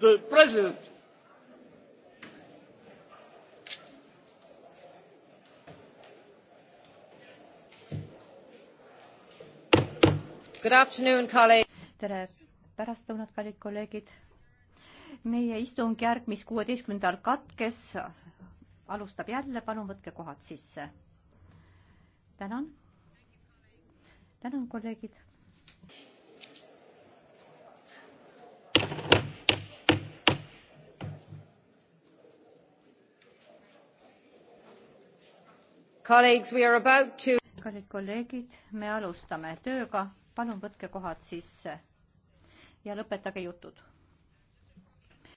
the president. tere pärastlõunat, kallid kolleegid. meie istungjärk, mis kuueteistkümnendal katkes, alustab jälle, palun võtke kohad sisse. tänan. tänan, kolleegid. kallid kolleegid, me alustame tööga, palun võtke kohad sisse ja lõpetage jutud.